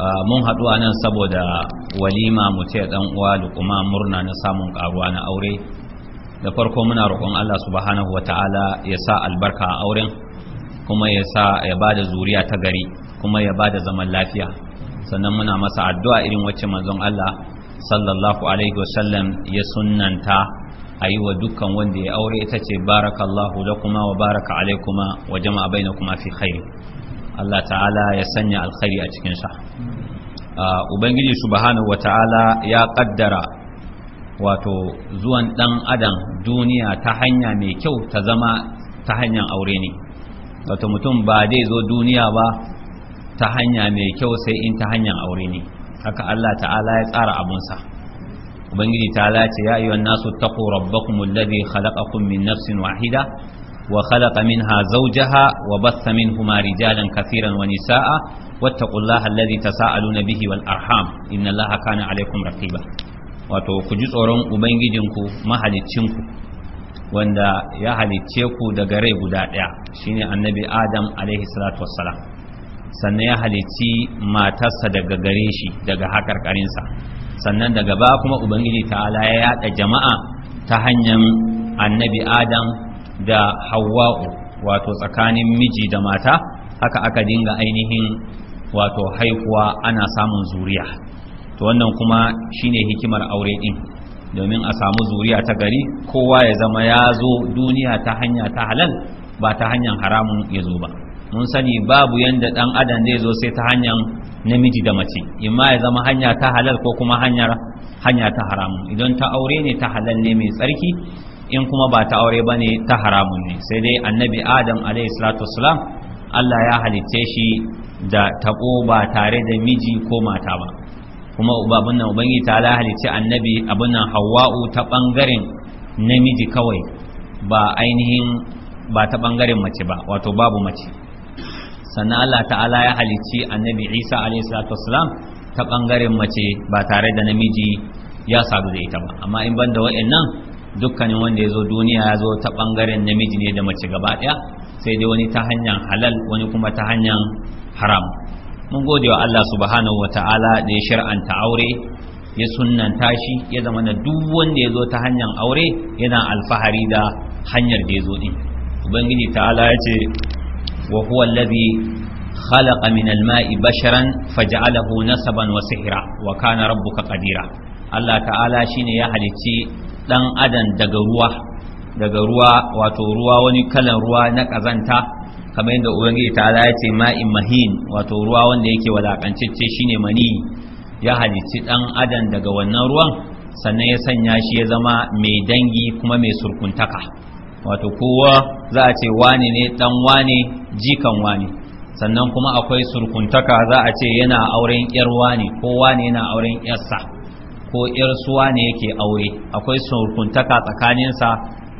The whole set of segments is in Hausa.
Ah, mun haɗu a nan saboda walima mu ce ɗan uwa da kuma murna na samun ƙaruwa na aure da farko muna roƙon Allah subhanahu Ta'ala ya sa albarka a auren kuma ya sa ya ba da zuriya ta gari kuma ya ba da zaman lafiya sannan muna masa addu'a irin wacce manzon Allah sallallahu alaihi wasallam ya sunnanta a yi wa dukkan wanda ya aure ita ce barakallahu da kuma wa baraka alaikuma wa jama'a bainakum fi khair Allah ta'ala ya sanya alkhairi a cikinsa ubangiji subhanahu wata'ala ya kaddara wato zuwan dan adam duniya ta hanya mai kyau ta zama ta hanyar aure ne wato mutum ba dai zo duniya ba ta hanya mai kyau sai in ta hanyar aure ne haka Allah ta'ala ya tsara abun sa ubangiji ta'ala ce ya ayyuhan nasu taqu rabbakum alladhi khalaqakum min nafsin wahida وخلق منها زوجها وبث منهما رجالا كثيرا ونساء واتقوا الله الذي تساءلون به والأرحام إن الله كان عليكم رقيبا wato ku ji tsoron ubangijinku mahaliccinku wanda ya halicce ku daga rai guda ɗaya shine annabi adam alaihi salatu wassalam sannan ya halicci matarsa daga gare shi daga haƙarƙarinsa sannan daga ba kuma ubangiji ta'ala ya yaɗa jama'a ta hanyar annabi adam da hawa'u wato tsakanin miji da mata haka aka dinga ainihin wato haihuwa ana samun zuriya to wannan kuma shine hikimar aure din domin a samu zuriya ta gari kowa ya zama ya zo duniya ta hanya ta halal ba ta hanyar haramun ya zo ba mun sani babu yadda dan adam zai zo sai ta hanyar namiji da mace imma ya zama hanya ta halal ko kuma hanyar hanya ta haramun idan ta aure ne ta halal ne mai tsarki in kuma ba ta aure ba ne ta haramun ne sai dai annabi adam wassalam allah ya halitte shi da tabo ba tare da miji ko mata ba kuma babun nan ubangi ta ala halitte annabi abun nan hawa'u ta bangaren namiji kawai ba ainihin ba ta bangaren mace ba wato babu mace sannan allah ta'ala ya halicci annabi isa wassalam ta bangaren mace ba tare da namiji ya sadu da ita ba amma in ban da wa'annan dukkanin wanda ya zo duniya ya zo ta bangaren namiji ne da mace gaba daya sai dai wani ta hanyar halal wani kuma ta hanyar haram mun gode wa Allah subhanahu ta'ala da ya shar'anta aure ya sunnanta shi ya zama na duk wanda ya zo ta hanyar aure yana alfahari da hanyar da ya zo din ubangiji ta'ala ya ce wa huwa allazi khalaqa min al basharan faj'alahu nasaban wa sihra wa kana rabbuka qadira Allah ta'ala shine ya halicci ɗan adam daga ruwa daga ruwa wato ruwa wani kalan ruwa na ƙazanta kamar yadda ubangiji ta ya ce ma'in mahin wato ruwa wanda yake wadakancacce shine mani ya halici ɗan adam daga wannan ruwan sannan ya sanya shi ya zama mai dangi kuma mai surkuntaka wato kowa za a ce wane ne ɗan wane jikan wane sannan kuma akwai surkuntaka za a ce yana auren 'yar wane kowa ne yana auren 'yarsa ko ƴar suwa ne yake aure akwai surkuntaka tsakaninsa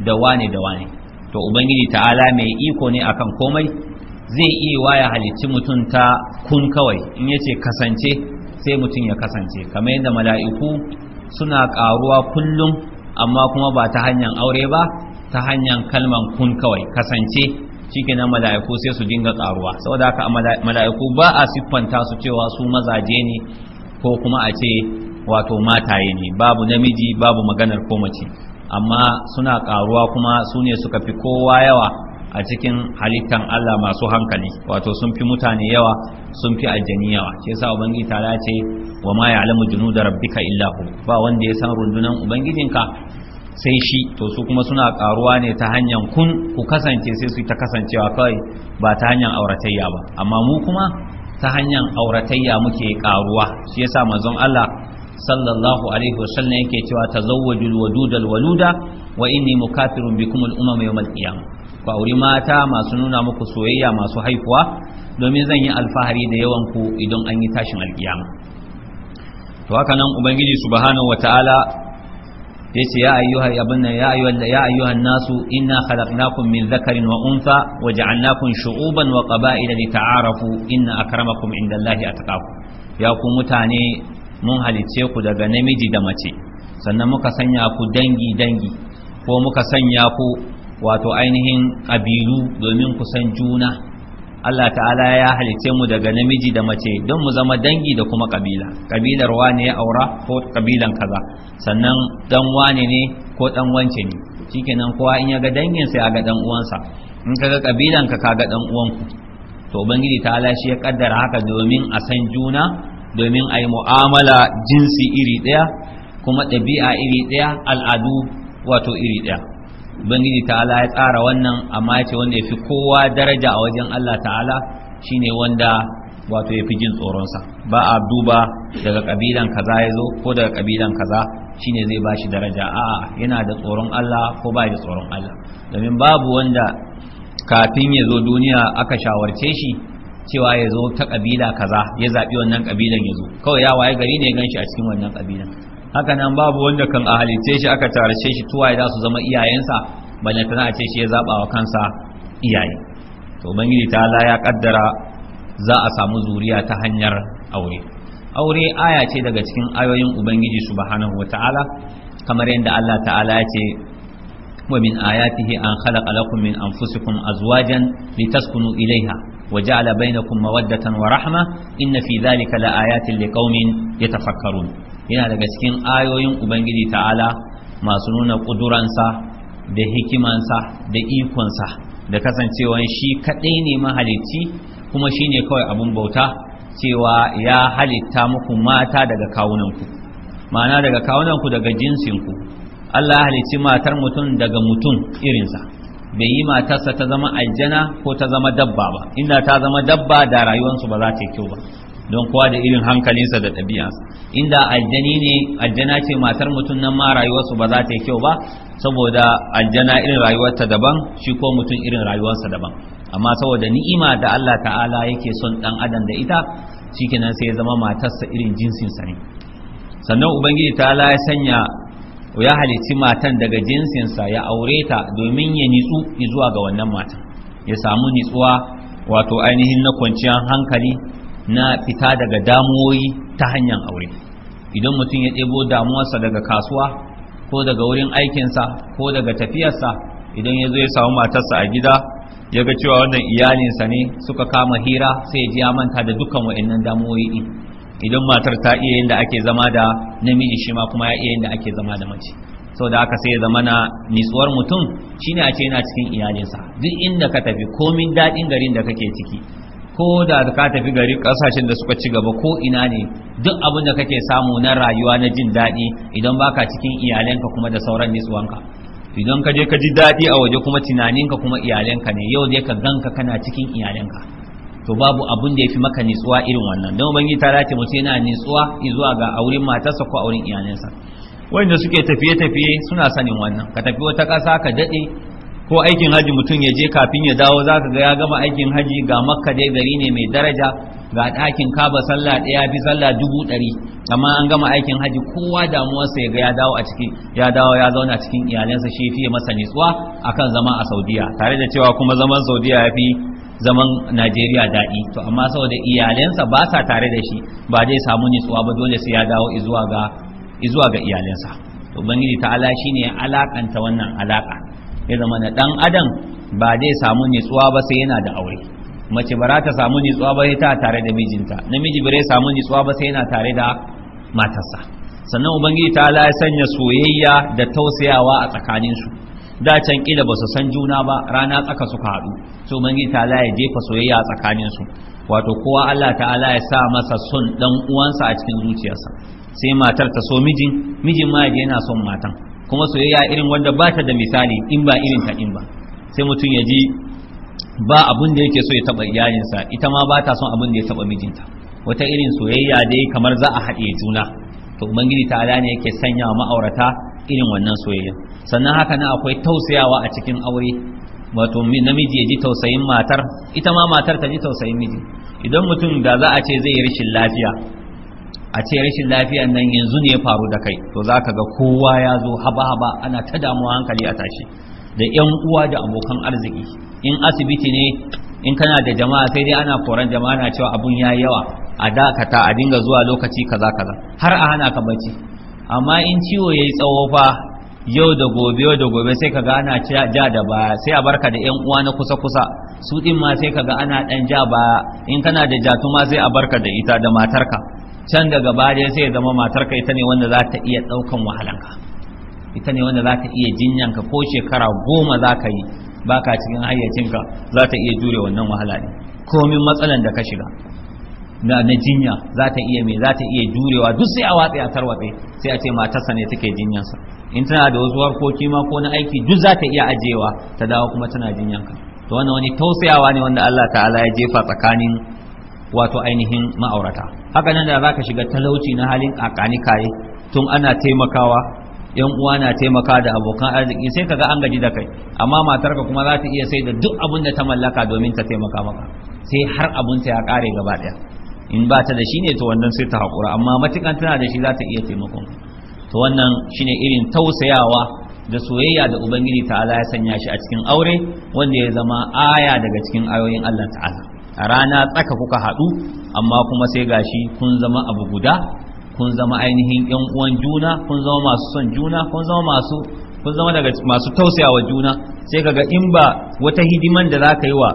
da wane da wane to ubangiji ta'ala mai iko ne akan komai zai iya waya halicci mutum ta kun kawai in yace kasance sai mutum ya kasance kamar yadda mala'iku suna karuwa kullum amma kuma ba ta hanyar aure ba ta hanyar kalman kun kawai kasance na mala'iku sai su dinga karuwa saboda haka mala'iku ba a siffanta su cewa su mazaje ne ko kuma a ce wato mataye ne babu namiji babu maganar ko mace amma suna karuwa kuma su ne suka fi kowa yawa a cikin halittan Allah masu hankali wato sun fi mutane yawa sun fi aljani yawa shi sa ubangiji ta ce wa ma ya'lamu junuda rabbika illa hu ba wanda ya san rundunan ubangijinka sai shi to su kuma suna karuwa ne ta hanyar kun ku kasance sai su ta kasancewa kawai ba ta hanyar auratayya ba amma mu kuma ta hanyar auratayya muke karuwa shi yasa manzon Allah sallallahu alaihi wasallam yake cewa tazawwajul wadudal waluda wa inni mukafirun bikum al umam yawm al qiyam ku auri mata masu nuna muku soyayya masu haifuwa domin zan yi alfahari da yawan ku idan an yi tashin alkiyama to haka nan ubangiji subhanahu wataala yace ya ayyuha abunna ya ayyuha ya ayyuha nasu inna khalaqnakum min dhakarin wa untha wa ja'alnakum shu'uban wa qaba'ila lita'arafu inna akramakum indallahi atqakum ya ku mutane mun halicce ku daga namiji da mace sannan muka sanya ku dangi dangi ko muka sanya ku wato ainihin ƙabilu domin ku san juna Allah ta'ala ya halice mu daga namiji da mace don mu zama dangi da kuma kabila kabilar wane ya aura ko kabilan kaza sannan dan wane ne ko dan wance ne shikenan kowa in ya ga dangin sai ga dan uwansa in kaga kabilan ka ga dan uwanku to ubangiji ta'ala shi ya kaddara haka domin a san juna domin a yi mu'amala jinsi iri ɗaya kuma ɗabi'a iri ɗaya al'adu wato iri ɗaya ubangiji ta'ala ya tsara wannan amma ya ce wanda ya fi kowa daraja a wajen allah ta'ala shine wanda wato ya fi jin tsoronsa ba a duba daga ƙabilan kaza ya zo ko daga ƙabilan kaza shine zai ba shi daraja a'a yana da tsoron allah ko ba da tsoron allah domin babu wanda kafin ya zo duniya aka shawarce shi cewa ya zo ta kabila kaza ya zaɓi wannan kabilan ya zo kawai ya waye gari ne ya ganshi a cikin wannan kabilan haka nan babu wanda kan a halitta shi aka tarashe shi tuwaye za su zama iyayensa balle tana ce shi ya zaɓa wa kansa iyaye to ubangiji ta Allah ya kaddara za a samu zuriya ta hanyar aure aure aya ce daga cikin ayoyin ubangiji subhanahu wataala kamar yadda Allah ta'ala ya ce wa min ayatihi an khalaqa lakum min anfusikum azwajan litaskunu ilaiha وجعل بينكم مودة ورحمة إن في ذلك لآيات لقوم يتفكرون yana daga cikin ayoyin ubangiji ta'ala masu nuna ƙuduransa da hikiman sa da ikonsa da kasancewan shi kaɗai ne mahalicci kuma shi ne kawai abun bauta cewa ya halitta muku mata daga kawunanku ma'ana daga kawunanku daga jinsinku Allah ya halicci matar mutum daga mutum irinsa bai yi matarsa ta zama aljana ko ta zama dabba ba inda ta zama dabba da rayuwarsu ba za ta yi kyau ba don kowa da irin hankalinsa da ɗabi'ansa inda aljani ne aljana ce matar mutum nan ma rayuwarsu ba za ta yi kyau ba saboda aljana irin rayuwarta daban shi ko mutum irin rayuwarsa daban amma saboda ni'ima da Allah ta'ala yake son dan adam da ita shikenan sai ya zama matarsa irin jinsinsa ne sannan ubangiji ta'ala ya sanya ya halici matan daga jinsinsa ya aure ta domin ya nitsu zuwa ga wannan matan ya samu nitsuwa wato ainihin na kwanciyar hankali na fita daga damuwoyi ta hanyar aure idan mutum ya ɗebo damuwarsa daga kasuwa ko daga wurin aikinsa ko daga tafiyarsa idan ya zo ya samu matarsa a gida ya ga cewa wannan iyalinsa ne suka kama hira sai ya ji ya manta da dukkan wa'annan damuwoyi idan matar ta iya yin da ake zama da namiji shi ma kuma ya iya yin da ake zama da mace sau da aka sai zama na nitsuwar mutum shine a ce yana cikin iyalinsa duk inda ka tafi komin daɗin garin da kake ciki ko da ka tafi gari ƙasashen da suka ci gaba ko ina ne duk abin da kake samu na rayuwa na jin daɗi idan baka cikin iyalinka kuma da sauran nitsuwanka idan ka je ka ji daɗi a waje kuma tunaninka kuma iyalinka ne yau dai ka ganka kana cikin iyalinka. to babu abun da yafi maka nitsuwa irin wannan don ubangi ta dace mutum yana nitsuwa zuwa ga auren matarsa ko auren iyalansa wanda suke tafiye tafiye suna sanin wannan ka tafi wata ƙasa ka dade ko aikin haji mutum ya je kafin ya dawo zaka ga ya gama aikin haji ga makka dai gari ne mai daraja ga ɗakin kaba sallah ɗaya bi sallah dubu ɗari amma an gama aikin haji kowa damuwarsa ya ga ya dawo a ciki ya dawo ya zauna cikin iyalansa shi fiye masa nitsuwa akan zama a saudiya tare da cewa kuma zaman saudiya ya fi zaman Najeriya daɗi to amma saboda iyalensa ba sa tare da shi ba zai samu nitsuwa ba dole sai ya dawo izuwa ga izuwa ga iyalensa to ta ala shine ya alakanta wannan alaka ya zama na dan adam ba zai samu nitsuwa ba sai yana da aure mace ba ta samu nitsuwa ba sai ta tare da mijinta namiji bare zai samu nitsuwa ba sai yana tare da matarsa sannan ubangiji ala ya sanya soyayya da tausayawa a tsakaninsu da can kila ba su san juna ba rana tsaka suka haɗu so ubangiji ta ya jefa soyayya a tsakanin su wato kowa Allah ta'ala ya sa masa son dan uwansa a cikin zuciyarsa sai matar ta so mijin mijin ma yana son matan kuma soyayya irin wanda ba ta da misali in ba irin ta in ba sai mutum ya ji ba abun da yake so ya taba iyalinsa ita ma ba ta son abun da ya taba mijinta wata irin soyayya dai kamar za a haɗe juna to ubangiji ta'ala ne yake sanya ma'aurata irin wannan soyayya sannan haka nan akwai tausayawa a cikin aure wato namiji ya ji tausayin matar ita ma matar ta ji tausayin miji idan mutum da za a ce zai yi rashin lafiya a ce rashin lafiya nan yanzu ne ya faru da kai to za ka ga kowa ya zo haba-haba ana ta damuwa hankali a tashi da 'yan uwa da abokan arziki in asibiti ne in kana da jama'a sai dai ana koran jama'a na cewa abun ya yawa a dakata a dinga zuwa lokaci kaza kaza har a hana ka bacci amma in ciwo ya yi tsawo fa yau da gobe yau da gobe sai kaga ana ja da ba sai a barka da yan uwa na kusa kusa su din ma sai kaga ana dan ja ba in kana da jatu ma sai a barka da ita da matarka can daga baya sai ya zama matarka ita ne wanda za ta iya daukan wahalanka ita ne wanda za ta iya jinyanka ko shekara goma za ka yi baka cikin hayyacinka za ta iya jure wannan wahala ne komin matsalan da ka shiga na na jinya za ta iya me za ta iya jurewa duk sai a watsi a tarwatse sai a ce matarsa ne take jinyansa in tana da wasu harkoki ma ko na aiki duk za ta iya ajewa ta dawo kuma tana ka to wannan wani tausayawa ne wanda Allah ta'ala ya jefa tsakanin wato ainihin ma'aurata haka nan da zaka shiga talauci na halin akani kaye tun ana taimakawa yan uwa na taimaka da abokan arziki sai kaga an gaji da kai amma matarka kuma za ta iya sai da duk abin da ta mallaka domin ta taimaka maka sai har abunta ya kare gaba daya in ba ta da shi ne to wannan sai ta haƙura amma matukan tana da shi za ta iya taimakon to wannan shine irin tausayawa da soyayya da ubangiji ta'ala ya sanya shi a cikin aure wanda ya zama aya daga cikin ayoyin Allah ta'ala a rana tsaka kuka haɗu amma kuma sai gashi kun zama abu guda kun zama ainihin yan uwan juna kun zama masu son juna kun zama masu kun zama daga masu tausayawa juna sai kaga in ba wata hidiman da za ka yi wa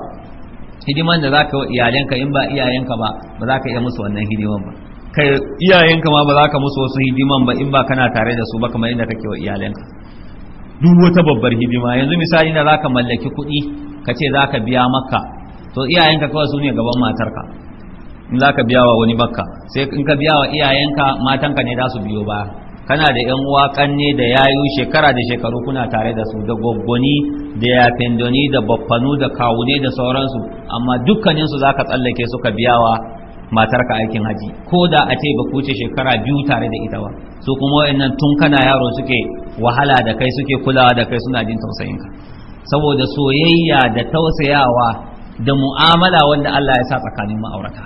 hidiman da zaka wa iyalanka in ba iyayenka ba ba za ka iya musu wannan hidiman ba kai iyayenka ma ba za ka musu wasu hidiman ba in ba kana tare da su ba kamar inda kake wa iyalanka duk wata babbar hidima yanzu misali na zaka mallaki kuɗi ka ce zaka biya maka to iyayenka kawai su ne gaban matarka in zaka biya wa wani bakka sai in ka biya wa iyayenka matanka ne za su biyo ba kana da yan uwa kanne da yayu shekara da shekaru kuna tare da su da gwaggwani da yafindoni da baffanu da kawune da sauransu amma dukkanin su zaka tsallake su ka biyawa matarka aikin haji ko da a ce ba ku ce shekara biyu tare da ita ba su kuma wayannan tun kana yaro suke wahala da kai suke kulawa da kai suna jin tausayin ka? saboda soyayya da tausayawa da mu'amala wanda Allah ya sa tsakanin ma'aurata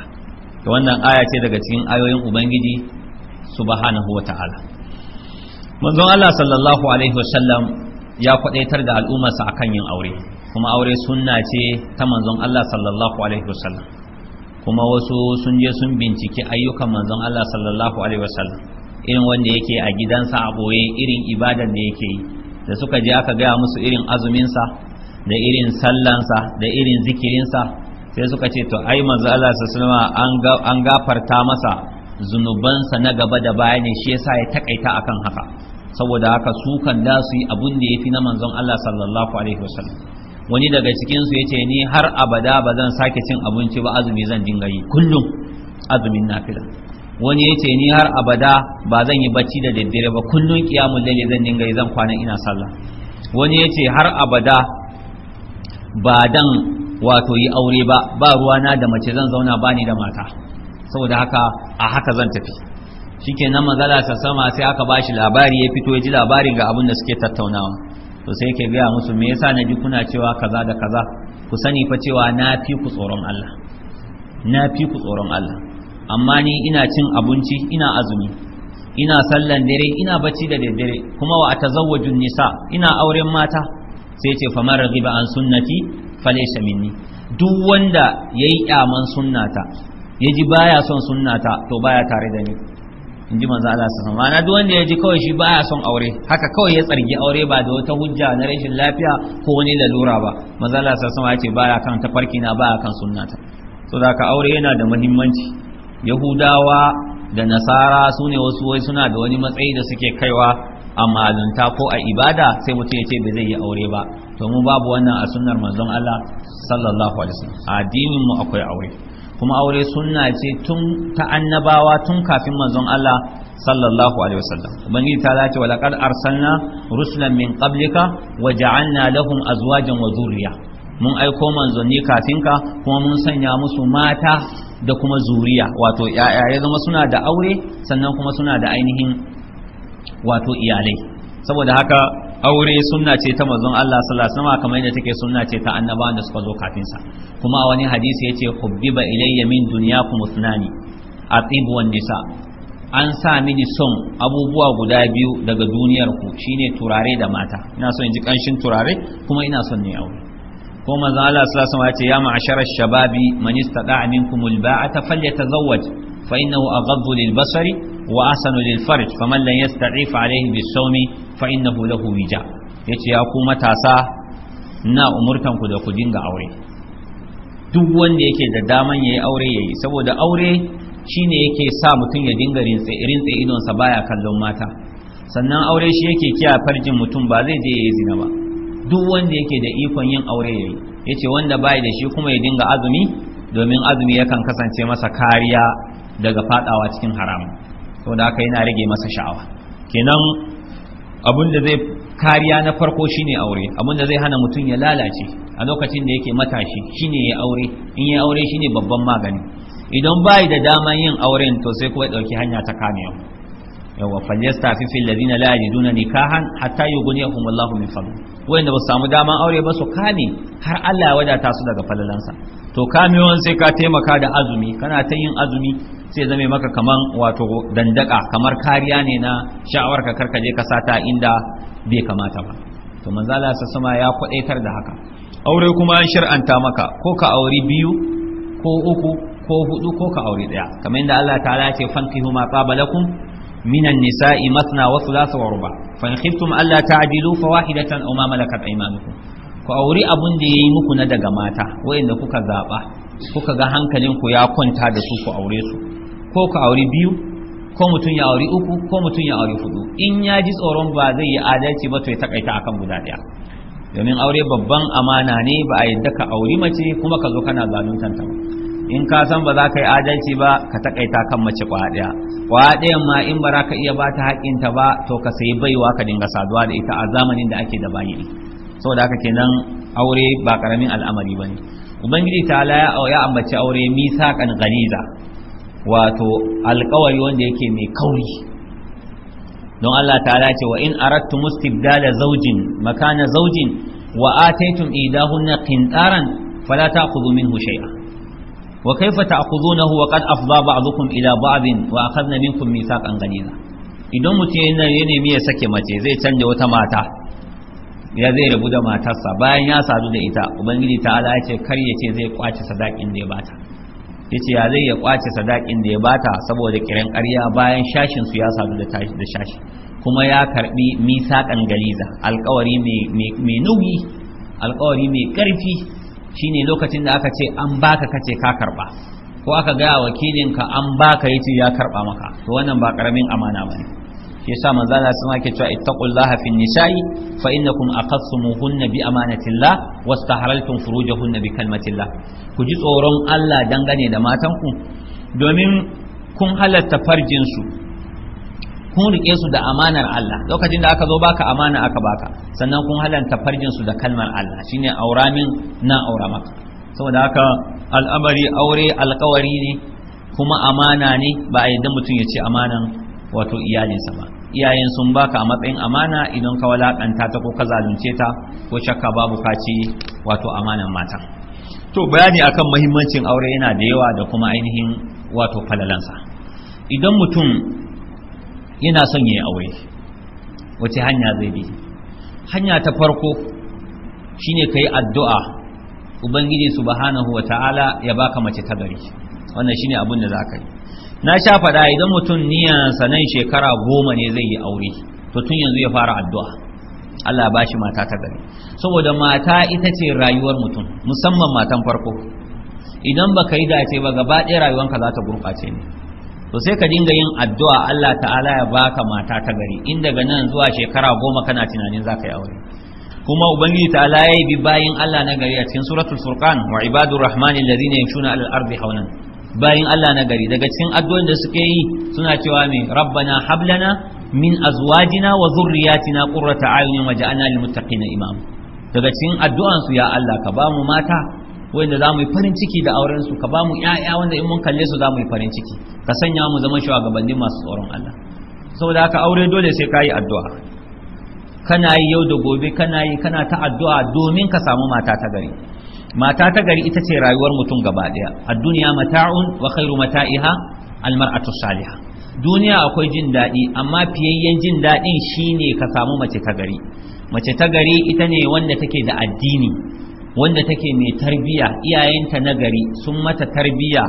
to wannan aya ce daga cikin ayoyin ubangiji subhanahu ta'ala. manzon Allah sallallahu alaihi wasallam ya kwadaitar da al'ummarsa akan yin aure kuma aure sunna ce ta manzon Allah sallallahu alaihi wasallam kuma wasu sun je sun bincike ayyukan manzon Allah sallallahu alaihi wasallam irin wanda yake a gidansa a boye irin ibadan da yake yi da suka je aka gaya musu irin azuminsa da irin sallansa da irin zikirinsa sai suka ce to ai manzon Allah sallallahu alaihi an gafarta masa zunubansa na gaba da baya ne shi yasa ya takaita akan haka saboda haka su kan da su yi abun da fi na manzon Allah sallallahu alaihi wasallam wani daga cikin su yace ni har abada ba zan sake cin abinci ba azumi zan dinga yi kullum azumin nafila wani yace ni har abada ba zan yi bacci da daddare ba kullum kiyamul layli zan dinga yi zan kwana ina sallah wani yace har abada ba dan wato yi aure ba ba ruwana da mace zan zauna bani da mata saboda haka a haka zan tafi nan magana sa sama sai aka ba shi labari ya fito ya ji labarin ga abin da suke tattaunawa to sai yake gaya musu me yasa na ji kuna cewa kaza da kaza ku sani fa cewa na fi ku tsoron Allah na fi ku tsoron Allah amma ni ina cin abinci ina azumi ina sallan dare ina bacci da daddare kuma wa atazawwajun nisa ina auren mata sai ce fa man an sunnati falaysa minni duk wanda yayi kyaman sunnata yaji baya son sunnata to baya tare da ni in ji manzo Allah sallallahu alaihi wasallam wanda ya ji kawai shi baya son aure haka kawai ya tsargi aure ba da wata hujja na rashin lafiya ko wani lalura ba manzo Allah sallallahu alaihi wasallam ya ce baya kan tafarki na baya kan ta. so da ka aure yana da muhimmanci yahudawa da nasara sune ne wasu wai suna da wani matsayi da suke kaiwa a malunta ko a ibada sai mutum ya ce ba zai yi aure ba to mu babu wannan a sunnar manzon Allah sallallahu alaihi wasallam addinin mu akwai aure kuma aure sunna ce tun ta annabawa tun kafin manzon Allah sallallahu alaihi wasallam ubangiji ta zace walaqad arsalna rusulan min qablika wa ja'alna lahum azwajan wa dhurriya mun aiko manzonni kafinka kuma mun sanya musu mata da kuma zuriya wato yaya zama suna da aure sannan kuma suna da ainihin wato iyalai saboda haka aure sunna ce ta manzon Allah sallallahu alaihi wasallam kamar yadda take sunna ce ta annabawan da suka zo kafin sa kuma a wani hadisi yace hubbiba ilayya min dunyakum usnani atib wan nisa an sa mini son abubuwa guda biyu daga duniyar ku shine turare da mata ina son in ji kanshin turare kuma ina son ne aure ko manzon Allah sallallahu alaihi wasallam yace ya ma'ashara shababi man istada'a minkum alba'ata falyatazawwaj fa innahu aghaddu lilbasari basari wa asanu lil farj faman lam yasta'if alayhi bisawmi fa innahu lahu wija yace ya ku matasa na umurtan ku da ku dinga aure duk wanda yake da daman yayi aure yayi saboda aure shine yake sa mutum ya dinga rintse rintse idonsa baya kallon mata sannan aure shi yake kiya farjin mutum ba zai je yayi zina ba duk wanda yake da ikon yin aure yayi yace wanda baya da shi kuma ya dinga azumi domin azumi yakan kasance masa kariya daga fadawa cikin haram saboda haka yana rage masa sha'awa kenan abun da zai kariya na farko shine aure abun da zai hana mutum ya lalace a lokacin da yake matashi shine ya aure in ya aure shine babban magani idan bai da daman yin auren to sai kuma ya dauki hanya ta kamewa yawa falyasta fi fil ladina la yajiduna nikahan hatta yughniyahum Allahu min fadli da ba samu daman aure ba su kame har Allah ya wadata su daga falalansa to kame kamewan sai ka taimaka da azumi kana ta yin azumi sai zame maka kaman wato dandaka kamar kariya ne na sha'awar ka karka je ka sata inda bai kamata ba to manzo Allah sama ya kwadaitar da haka aure kuma an shar'anta maka ko ka auri biyu ko uku ko hudu ko ka aure daya kamar inda Allah ta'ala ya ce fankihu ma qabalakum minan nisa'i masna wa thulatha wa ruba fa in khiftum alla ta'dilu fawahidatan aw ma malakat aymanukum ku auri abun da yi muku na daga mata wayanda kuka zaba kuka ga hankalin ku ya kwanta da su ku aure su ko ku auri biyu ko mutum ya auri uku ko mutum ya auri hudu in ya ji tsoron ba zai yi adalci ba to ya takaita akan guda ɗaya. domin aure babban amana ne ba a yadda ka auri mace kuma ka zo kana zaluntanta ba in ka san ba za ka yi adalci ba ka takaita kan mace kwaɗaya kwaɗayan ma in ba za ka iya ba ta haƙinta ba to ka sayi baiwa ka dinga saduwa da ita a zamanin da ake da bayi saboda haka kenan aure ba karamin al'amari ba ne ubangiji ta ala ya ambaci aure kan ganiza wato alƙawari wanda yake mai kauri don Allah ta ta'ala ce wa in aradtum istibdala zaujin makana zaujin wa ataitum idahunna qintaran fala ta'khudhu minhu shay'an wa kaifa na wa qad afdha ba'dukum ila ba'din wa akhadna idan mutum yana ya nemi ya sake mace zai canja wata mata ya zai rabu da matarsa bayan ya sadu da ita ubangiji ta ya ce kar ya ce zai kwace sadakin da ya bata yace ya zai ya kwace sadakin da ya bata saboda kiran ƙarya bayan shashin su ya sadu da tashi da shashi kuma ya karbi mithaqan galiza alƙawari mai mai nauyi alƙawari mai ƙarfi shine lokacin da aka ce an baka kace ka karba ko aka gaya wakilinka an baka yace ya karba maka to wannan ba karamin amana bane shi yasa manzo Allah sun ake cewa ittaqullaha fin nisa'i fa innakum aqassumuhunna bi amanatillah wastaharaltum furujahunna bi kalmatillah ku ji tsoron Allah dangane da matanku domin kun halatta farjin su kun rike su da amanar Allah lokacin da aka zo baka amana aka baka sannan kun halanta farjin su da kalmar Allah shine auramin na aurama saboda haka al'amari aure alkawari ne kuma amana ne ba a yadda mutum ya ce amanan wato iyalinsa ba iyayen sun baka a matsayin amana idan ka walakanta ta ko ka zalunce ta ko shakka babu kaci wato amanan mata to bayani akan muhimmancin aure yana da yawa da kuma ainihin wato falalansa idan mutum yana son ya yi aure wace hanya zai bi hanya ta farko shine kai addu'a ubangiji subhanahu ta'ala ya baka mace ta gari wannan shine abin da zaka yi na sha faɗa idan mutum niyansa nan shekara goma ne zai yi aure to tun yanzu ya fara addu'a Allah ya bashi mata ta gari saboda mata ita ce rayuwar mutum musamman matan farko idan baka yi dace ba gaba ɗaya rayuwanka za ta gurɓace ne to sai ka dinga yin addu'a Allah ta'ala ya baka mata ta gari in daga nan zuwa shekara goma kana tunanin za ka yi aure kuma ubangiji ta'ala ya yi bi bayin Allah na gari a cikin suratul furqan wa ibadur rahmanil ladina yamshuna al ardi hawnan bayin Allah na gari daga cikin addu'an da suke yi suna cewa me rabbana hablana min azwajina wa zurriyatina qurrata a'yunin waj'alna lil muttaqina imam daga cikin addu'an su ya Allah ka ba mu mata wanda za mu yi farin ciki da auren su ka ba mu ƴaƴa wanda in mun kalle su za mu yi farin ciki ka sanya mu zama shugabanni masu tsoron Allah saboda haka aure dole sai ka yi addu'a kana yi yau da gobe kana yi kana ta addu'a domin ka samu mata ta gari mata ta gari ita ce rayuwar mutum gaba daya a duniya mata'un wa khairu mata'iha almar'atu salihah duniya akwai jin daɗi amma fiyayyen jin daɗin shine ka samu mace ta gari mace ta gari ita ne wanda take da addini wanda take mai tarbiya iyayenta na gari sun mata tarbiya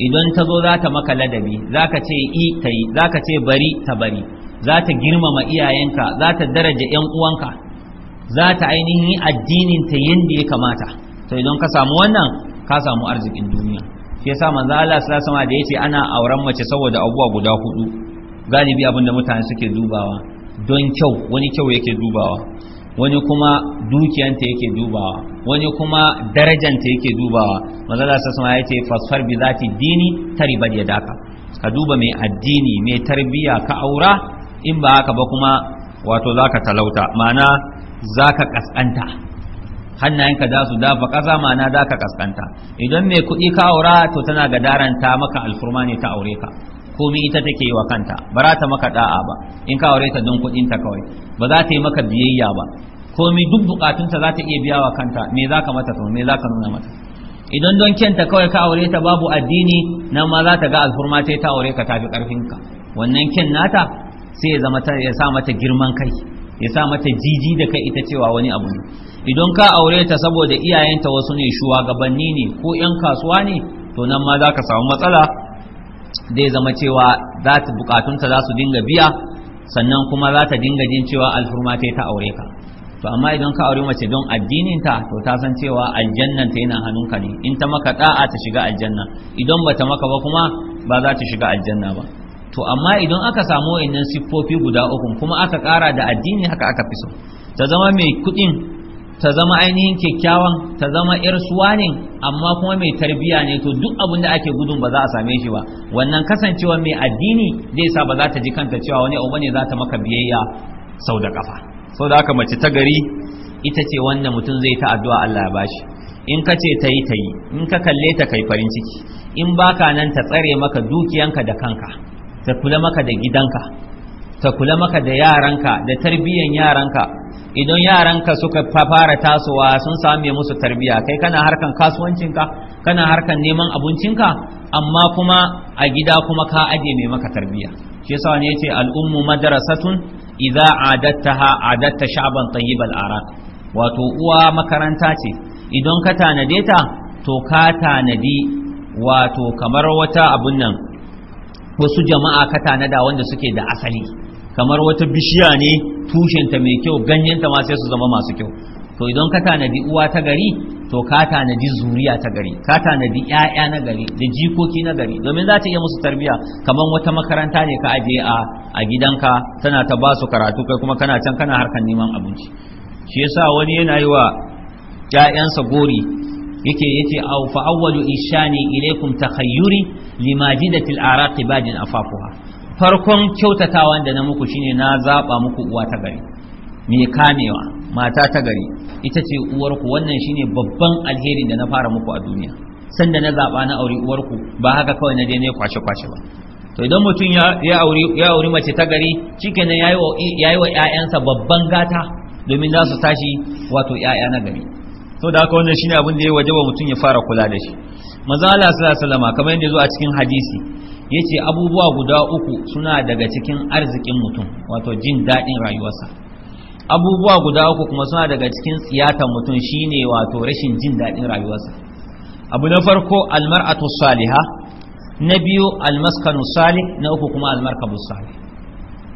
idan ta zo za ta maka ladabi za ka ce i ta yi za ka ce bari ta bari za ta girmama iyayenka za ta daraja 'yan uwanka za ta ainihin addinin ta yadda ya kamata to idan ka samu wannan ka samu arzikin duniya shi yasa manzo Allah sallallahu alaihi da yace ana auren mace saboda abubuwa guda hudu galibi abin da mutane suke dubawa don kyau wani kyau yake dubawa wani kuma dukiyanta yake dubawa wani kuma darajanta yake dubawa manzala sassama ya ce fasfar bi za ta dini taribar ya daka ka duba mai addini mai tarbiya ka aura in ba haka ba kuma wato za ka talauta ma'ana za ka kaskanta hannayenka za su dafa ƙasa ma'ana za ka kaskanta idan mai kuɗi ka aura to tana gadaranta maka alfurma ne ta aure ka Komi ita take yi wa kanta ba za ta maka da'a ba in ka aure ta don kuɗinta kawai ba za ta yi maka biyayya ba Komi duk bukatunta za ta iya biya wa kanta me za ka mata me za ka nuna mata idan don kyanta kawai ka aure ta babu addini nan ma za ta ga alfurma ta ta aure ka tafi ƙarfinka. wannan kyan nata sai ya zama ya sa mata girman kai ya sa mata jiji da kai ita cewa wani abu ne idan ka aure ta saboda iyayenta wasu ne shuwagabanni ne ko yan kasuwa ne to nan ma za ka samu matsala zai zama cewa za ta bukatunta za su dinga biya sannan kuma za ta dinga jin cewa alfurma ta ta aure ka to amma idan ka aure mace don addininta to ta san cewa aljannan ta yana hannunka ne in ta maka da'a ta shiga aljanna idan ba ta maka ba kuma ba za ta shiga aljanna ba to amma idan aka samu wayannan siffofi guda uku kuma aka kara da addini haka aka fi so ta zama mai kudin ta zama ainihin kyakkyawan ta zama yar suwanin amma kuma mai tarbiya ne to duk abin da ake gudun ba za a same shi ba wannan kasancewa mai addini zai sa ba za ta ji kanta cewa wani abu ne za ta maka biyayya sau da kafa sau da aka mace ta gari ita ce wanda mutum zai ta addu'a Allah ya bashi in ka ce ta yi ta yi in ka kalle ta kai farin ciki in baka nan ta tsare maka dukiyanka da kanka ta kula maka da gidanka ta kula maka da yaranka da tarbiyyan yaranka idan yaranka suka fara tasowa sun same musu tarbiya kai kana harkan kasuwancinka kana harkan neman abincinka amma kuma a gida kuma ka aje mai maka tarbiya shi yasa ne yace al'ummu madrasatun idza adattaha adatta sha'ban tayyibal ara wato uwa makaranta ce idan ka tanade ta to ka tanadi wato kamar wata abun nan wasu jama'a ka tanada wanda suke da asali kamar wata bishiya ne tushenta mai kyau ganyenta ma sai su zama masu kyau to idan ka tanadi uwa ta gari to ka tanadi zuriya ta gari ka tanadi ƴaƴa na gari da jikoki na gari domin za ta iya musu tarbiya kamar wata makaranta ne ka aje a a gidanka tana ta ba su karatu kai kuma kana can kana harkan neman abinci shi yasa wani yana yi wa ƴaƴansa gori yake yace aw fa awwalu ishani ilaykum takhayyuri limajidatil araqi badin afafuha farkon kyautatawa da na muku shine na zaba muku uwa ta gari mai kamewa mata ta gari ita ce uwarku wannan shine babban alherin da na fara muku a duniya sanda na zaba na aure uwarku ba haka kawai na je ne kwashe kwashe ba to idan mutum ya auri ya aure mace ta gari shikenan yayi wa yayi ƴaƴansa babban gata domin za su tashi wato ƴaƴa na gari to da haka wannan shine abin da ya wajaba mutum ya fara kula da shi manzo Allah sallallahu alaihi wasallama kamar yadda zo a cikin hadisi ya ce abubuwa guda uku suna daga cikin arzikin mutum wato jin daɗin rayuwarsa abubuwa guda uku kuma suna daga cikin tsiyata mutum shine wato rashin jin daɗin rayuwarsa abu na farko almar'atu saliha na biyu almaskanu salih na uku kuma almarkabu salih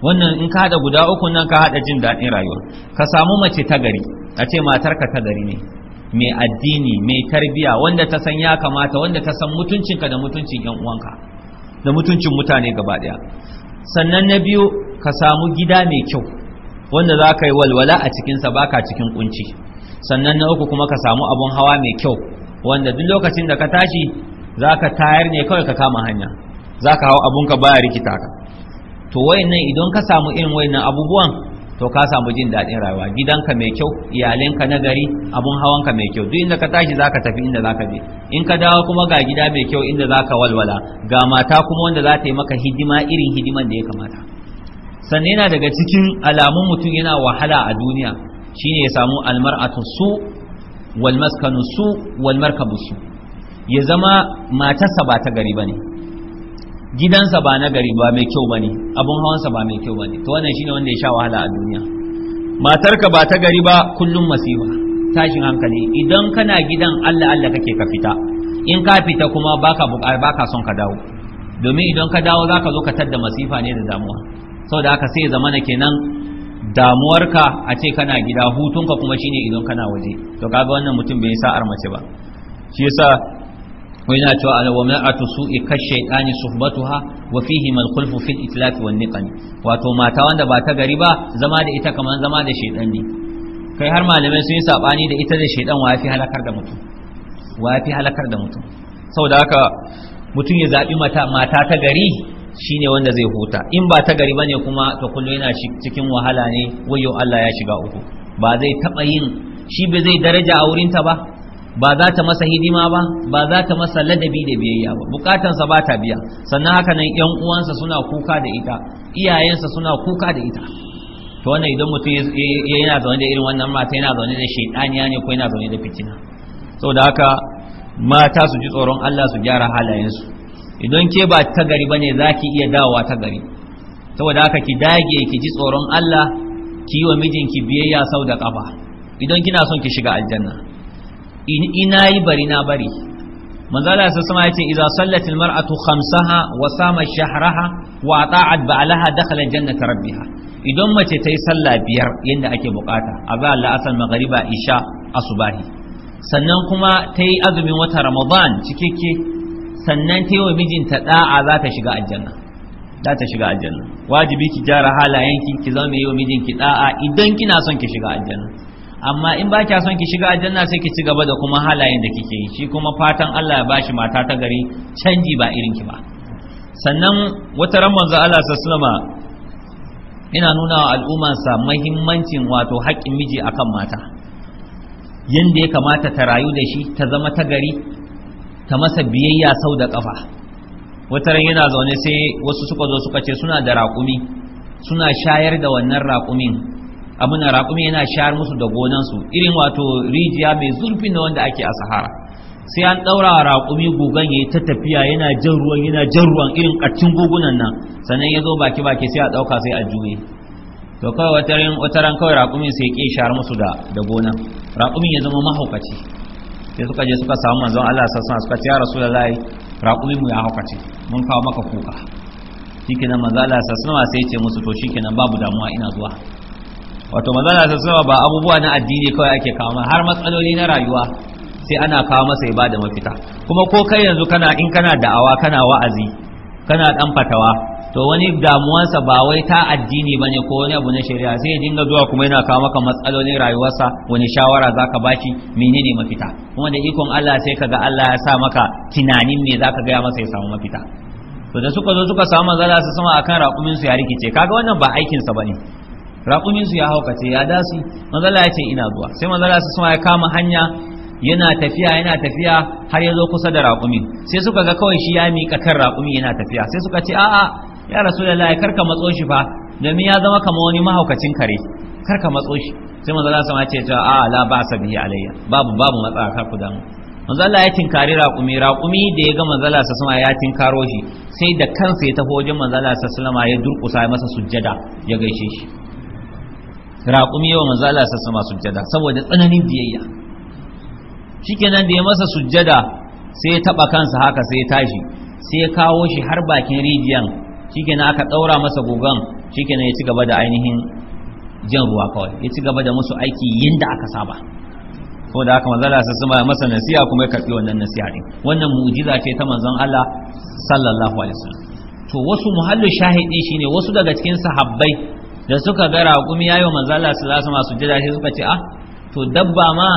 wannan in ka haɗa guda uku nan ka haɗa jin daɗin rayuwa ka samu mace ta gari a ce matarka ta gari ne mai addini mai tarbiya wanda ta san ya kamata wanda ta san mutuncinka da mutuncin yan uwanka da mutuncin mutane gaba daya sannan na biyu ka samu gida mai kyau wanda za ka yi walwala a cikinsa baka cikin kunci sannan na uku kuma ka samu abun hawa mai kyau wanda duk lokacin da ka tashi za ka tayar ne kawai ka kama hanya za ka hau abunka baya rikita ka to wayannan idan ka samu irin wayannan abubuwan to ka samu jin daɗin rayuwa gidanka mai kyau iyalinka na gari abun hawanka mai kyau duk inda ka tashi zaka tafi inda zaka je in ka dawo kuma ga gida mai kyau inda zaka walwala ga mata kuma wanda za ta yi maka hidima irin hidiman da ya kamata sannan yana daga cikin alamun mutum yana wahala a duniya shine ya samu almar'atu su wal maskanu su wal su ya zama matarsa ba ta gari bane gidansa ba na gari ba mai kyau bane abun hawansa ba mai kyau bane to wannan shine wanda ya sha wahala a duniya matarka ba ta gari ba kullum masifa tashin hankali idan kana gidan Allah Allah kake ka fita in ka fita kuma baka baka son ka dawo domin idan ka dawo zaka zo ka tadda masifa ne da damuwa saboda haka sai zamana kenan damuwarka a ce kana gida hutunka kuma shine idan kana waje to kaga wannan mutum bai sa armace ba shi yasa ko yana cewa ala wa mar'atu su'i ka shaytani suhbatuha wa fihi mal khulfu fil itlaf wan niqan wato mata wanda ba ta gari ba zama da ita kaman zama da shaytan ne kai har malamai sun yi sabani da ita da shaytan wa fi halakar da mutum wa fi halakar da mutum saboda haka mutum ya zabi mata ta gari shine wanda zai huta in ba ta gari bane kuma to kullu yana cikin wahala ne wayo Allah ya shiga uku ba zai yin shi ba zai daraja a ta ba ba za ta masa hidima ba ba za ta masa ladabi da biyayya ba bukatansa ba ta biya sannan haka nan yan uwansa suna kuka da ita iyayensa suna kuka da ita to wannan idan mutum yana zaune da irin wannan mata yana zaune da shaidaniya ne ko yana zaune da fitina saboda haka mata su ji tsoron Allah su gyara halayensu idan ke ba ta gari bane zaki iya dawowa ta gari saboda haka ki dage ki ji tsoron Allah ki yi wa mijinki biyayya sau da kafa idan kina son ki shiga aljanna ina yi bari na bari manzala sa sama yace idza sallat al mar'atu khamsaha wa sama shahraha wa ata'at ba'laha dakhala jannata rabbiha idan mace tayi sallah biyar yanda ake bukata azza la'asar maghriba isha asubahi sannan kuma tayi azumin wata ramadan cikakke sannan tayi wa mijinta da'a za ta shiga aljanna za ta shiga aljanna wajibi ki jara halayenki ki zama yi wa mijinki da'a idan kina son ki shiga aljanna amma in ba kya son ki shiga aljanna sai ki ci gaba da kuma halayen da kike yi shi kuma fatan Allah ya bashi mata ta gari canji ba irin ki ba sannan wata ran manzo Allah sallama ina nuna wa al'umma sa muhimmancin wato haƙƙin miji akan mata yanda ya kamata ta rayu da shi ta zama ta gari ta masa biyayya sau da kafa wata ran yana zaune sai wasu suka zo suka ce suna da raƙumi suna shayar da wannan raƙumin abin raƙumi yana shayar musu da gonansu irin wato rijiya mai zurfin na wanda ake a sahara sai an ɗaura raƙumi gugan ya yi ta tafiya yana jan ruwan yana jan ruwan irin ƙarcin gugunan nan sannan ya zo baki baki sai a ɗauka sai a juye to kawai wata ran kawai raƙumin sai ya shayar musu da da gonan raƙumin ya zama mahaukaci sai suka je suka samu manzon Allah sassan suka ce ya rasulullahi raƙumi mu ya haukaci mun kawo maka kuka shikenan manzon Allah sassan sai ya ce musu to shikenan babu damuwa ina zuwa wato manzana ta sama ba abubuwa na addini kawai ake kawo har matsaloli na rayuwa sai ana kawo masa ya bada mafita kuma ko kai yanzu kana in kana da'awa kana wa'azi kana dan fatawa to wani damuwansa ba wai ta addini bane ko wani abu na shari'a sai ya dinga zuwa kuma yana kawo maka matsalolin rayuwarsa wani shawara zaka baki menene mafita kuma da ikon Allah sai kaga Allah ya sa maka tunanin me zaka ga masa ya samu mafita to da suka zo suka samu zalla su sama akan rakumin su ya rikice kaga wannan ba aikin sa bane raƙumin su ya haukace ya dasu. manzala ya ce ina zuwa sai manzala su suma ya kama hanya yana tafiya yana tafiya har ya zo kusa da raƙumin sai suka ga kawai shi ya miƙa kan raƙumin yana tafiya sai suka ce a'a ya rasulullahi karka matso shi fa domin ya zama kamar wani mahaukacin kare karka matso shi sai manzo su sama ya ce a'a la ba sa bihi alayya babu babu matsala kar ku damu manzo ya tinkari raƙumi raƙumi da ya ga manzo Allah sama ya tinkaro shi sai da kansa ya tafi wajen manzo Allah sallama ya durkusa masa sujjada ya gaishe shi raƙumi yawa manzo Allah sassama sujjada saboda tsananin biyayya shikenan da ya masa sujjada sai ya taba kansa haka sai ya tashi sai ya kawo shi har bakin rijiyan shikenan aka daura masa gogan shikenan ya ci gaba da ainihin jan ruwa kawai ya ci gaba da musu aiki yinda aka saba saboda haka manzo Allah sassama ya masa nasiha kuma ya karbi wannan nasiha din wannan mu'jiza ce ta manzon Allah sallallahu alaihi wasallam to wasu muhallu shahidi shine wasu daga cikin sahabbai da suka ga raƙumi yi wa manzo Allah sallallahu alaihi wasallam sujada sai suka ce ah to dabba ma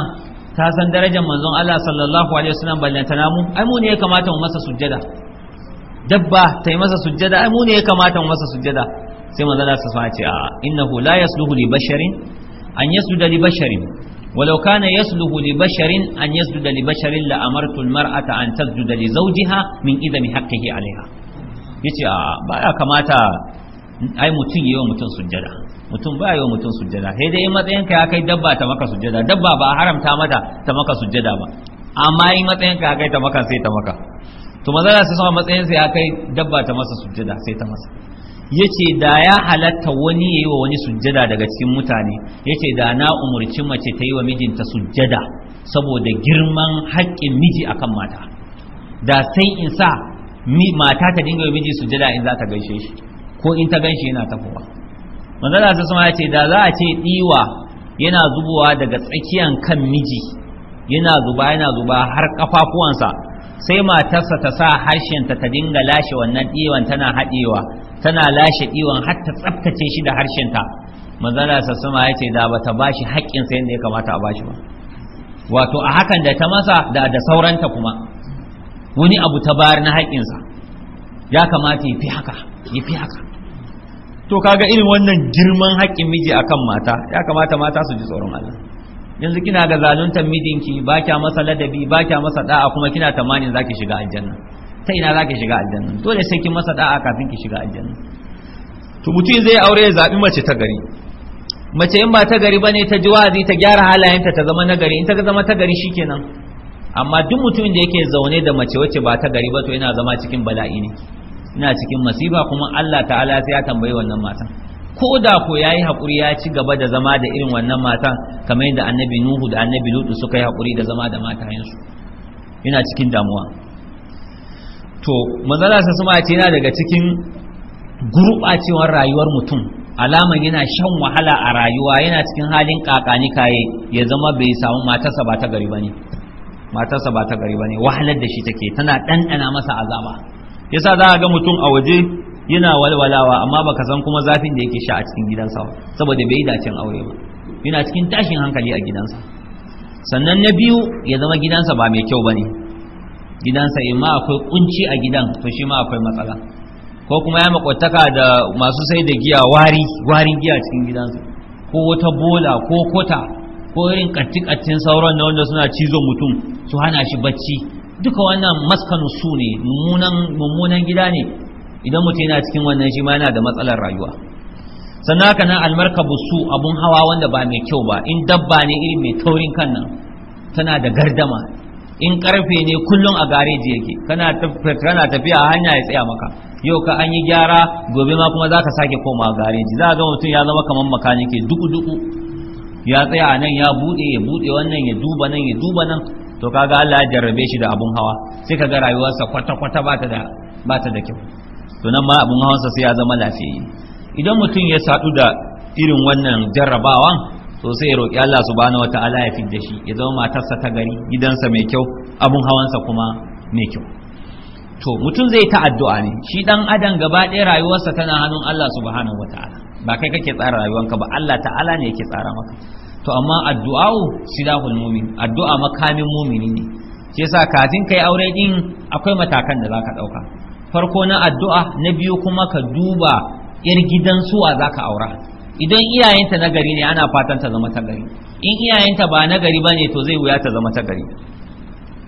ta san darajar manzon Allah sallallahu alaihi wasallam ballanta namu ai mu ne ya kamata mu masa sujjada? dabba ta yi masa sujjada? ai mu ne ya kamata mu masa sujjada? sai manzo Allah sallallahu alaihi wasallam ce a ah, innahu la yasluhu li basharin an yasjuda li basharin ولو كان يسلب لبشر أن يسجد لبشر لأمرت المرأة أن تسجد لزوجها من إذن حقه عليها yace a baya kamata ai mutum yi wa mutum sujjada mutum ba yi wa mutum sujjada sai dai matsayin ka ya kai dabba ta maka sujjada dabba ba a haramta mata ta maka sujjada ba amma yi matsayin ka ya kai ta maka sai ta maka to maza su sama matsayin sai ya kai dabba ta masa sujjada sai ta masa yace da ya halatta wani yayi wa wani sujjada daga cikin mutane yace da na umurci mace ta yi wa mijinta sujjada saboda girman haƙƙin miji akan mata da sai in sa mata ta dinga miji sujjada in za ta gaishe shi ko in ta ganshi yana tafowa manzala ta sama ce da za a ce diwa yana zubowa daga tsakiyan kan miji yana zuba yana zuba har kafafuwansa sai matarsa ta sa harshenta ta dinga lashe wannan diwan tana haɗewa tana lashe diwan har ta tsaftace shi da harshenta manzala ta sama ya ce da bata bashi haƙƙin sa yadda ya kamata a bashi ba wato a hakan da ta masa da da sauranta kuma wani abu ta bayar na haƙƙinsa ya kamata ya fi haka ya fi haka to kaga irin wannan girman haƙƙin miji akan mata ya kamata mata su ji tsoron Allah yanzu kina ga zaluntan mijinki ba kya masa ladabi ba kya masa da'a kuma kina tamanin zaki shiga aljanna ta ina zaki shiga aljanna dole sai kin masa da'a kafin ki shiga aljanna to mutum zai aure ya zabi mace ta gari mace in ba ta gari bane ta ji wa'azi ta gyara halayenta ta zama na gari in ta zama ta gari shikenan amma duk mutumin da yake zaune da mace wacce ba ta gari ba to yana zama cikin bala'i ne ina cikin masifa kuma Allah ta'ala sai ya tambayi wannan matan ko da ko yayi hakuri ya ci gaba da zama da irin wannan matan kamar yadda annabi Nuhu da annabi Lutu suka yi hakuri da zama da matayensu ina cikin damuwa to manzala sa suma ce yana daga cikin gurɓacewar rayuwar mutum alaman yana shan wahala a rayuwa yana cikin halin kakani kaye ya zama bai samu matarsa ba ta gari bane matarsa ba ta gari bane wahalar da shi take tana ɗanɗana masa azaba yasa za a ga mutum a waje yana walwalawa amma baka san kuma zafin da yake sha a cikin gidansa ba, saboda bai yi dacin aure ba yana cikin tashin hankali a gidansa sannan na biyu ya zama gidansa ba mai kyau bane gidansa in ma akwai kunci a gidan to shi ma akwai matsala ko kuma ya makwataka da masu sai da giya wari warin giya cikin gidansa ko wata bola ko kota ko irin kattikattin sauran na wanda suna cizon mutum su hana shi bacci duka wannan maskanu su ne mummunan gida ne idan mutum yana cikin wannan shi ma yana da matsalar rayuwa sannan haka nan almarkabu su abun hawa wanda ba mai kyau ba in dabba ne irin mai taurin kan nan tana da gardama in karfe ne kullum a gareji yake kana tafiya hanya ya tsaya maka yau ka an yi gyara gobe ma kuma za ka sake koma gareji za ga mutum ya zama kamar makanike duku duku ya tsaya anan nan ya buɗe ya buɗe wannan ya duba nan ya duba nan to kaga Allah ya jarrabe shi da abun hawa sai kaga rayuwarsa kwata kwata bata da ta da kyau to nan ma abun hawansa sai ya zama lafiyayye idan mutum ya sadu da irin wannan jarrabawan to sai ya roki Allah subhanahu wataala ya fidda shi ya zama matarsa ta gari gidansa mai kyau abun hawansa kuma mai kyau to mutum zai ta addu'a ne shi dan adam gaba ɗaya rayuwarsa tana hannun Allah subhanahu wataala ba kai kake tsara rayuwanka ba Allah ta'ala ne yake tsara maka to amma addu'a silahul mu'min addu'a makamin mu'mini ne shi yasa kafin kai aure din akwai matakan da zaka dauka farko na addu'a na biyu kuma ka duba yar gidan suwa zaka aura idan iyayenta na gari ne ana fatan ta zama ta gari in iyayenta ba na gari bane to zai wuya ta zama ta gari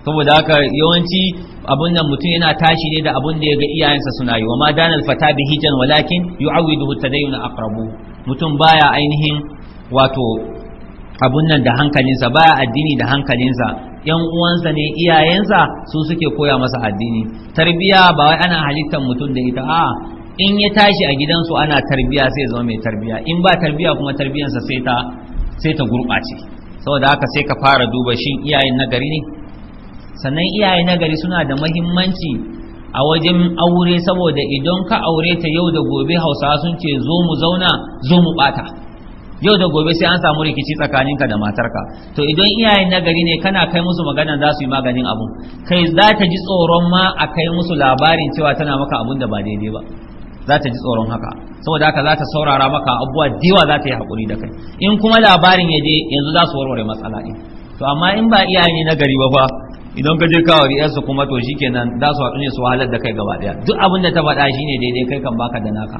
saboda haka yawanci abun nan mutum yana tashi ne da abun da ya ga iyayensa suna yi wa ma danal fata bi hijan walakin yu'awwiduhu tadayyun aqrabu mutum baya ainihin wato abun nan da hankalinsa baya addini da hankalinsa yan uwansa ne iyayensa su suke koya masa addini tarbiya ba wai ana halittar mutum da ita a in ya tashi a gidansu ana tarbiya sai zama mai tarbiya in ba tarbiya kuma tarbiyansa sai ta sai ta gurɓace saboda haka sai ka fara duba shin iyayen nagari ne sannan iyaye nagari suna da mahimmanci a wajen aure saboda idan ka aure ta yau da gobe hausawa sun ce zo mu zauna zo mu bata yau da gobe sai an samu rikici tsakaninka da matarka to idan iyayen nagari ne kana kai musu magana za su yi maganin abun kai za ta ji tsoron ma a kai musu labarin cewa tana maka abun da ba daidai ba za ta ji tsoron haka saboda haka za ta saurara maka abubuwa diwa za ta yi hakuri da kai in kuma labarin ya je yanzu za su warware matsala ɗin to amma in ba iyaye ne nagari ba fa idan ka je ka riyarsu kuma to shikenan za su haɗu ne su wahalar da kai gaba daya duk abin da ta faɗa shi ne daidai kai kan baka da naka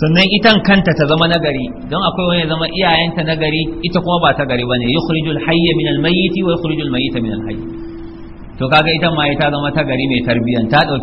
sannan itan kanta ta zama nagari don akwai wani zama iyayenta nagari ita kuma ba ta gari bane yukhrijul hayya min al mayyiti wa yukhrijul mayyita min al hayy to kaga ita ma ita zama ta gari mai tarbiyan ta ɗauke.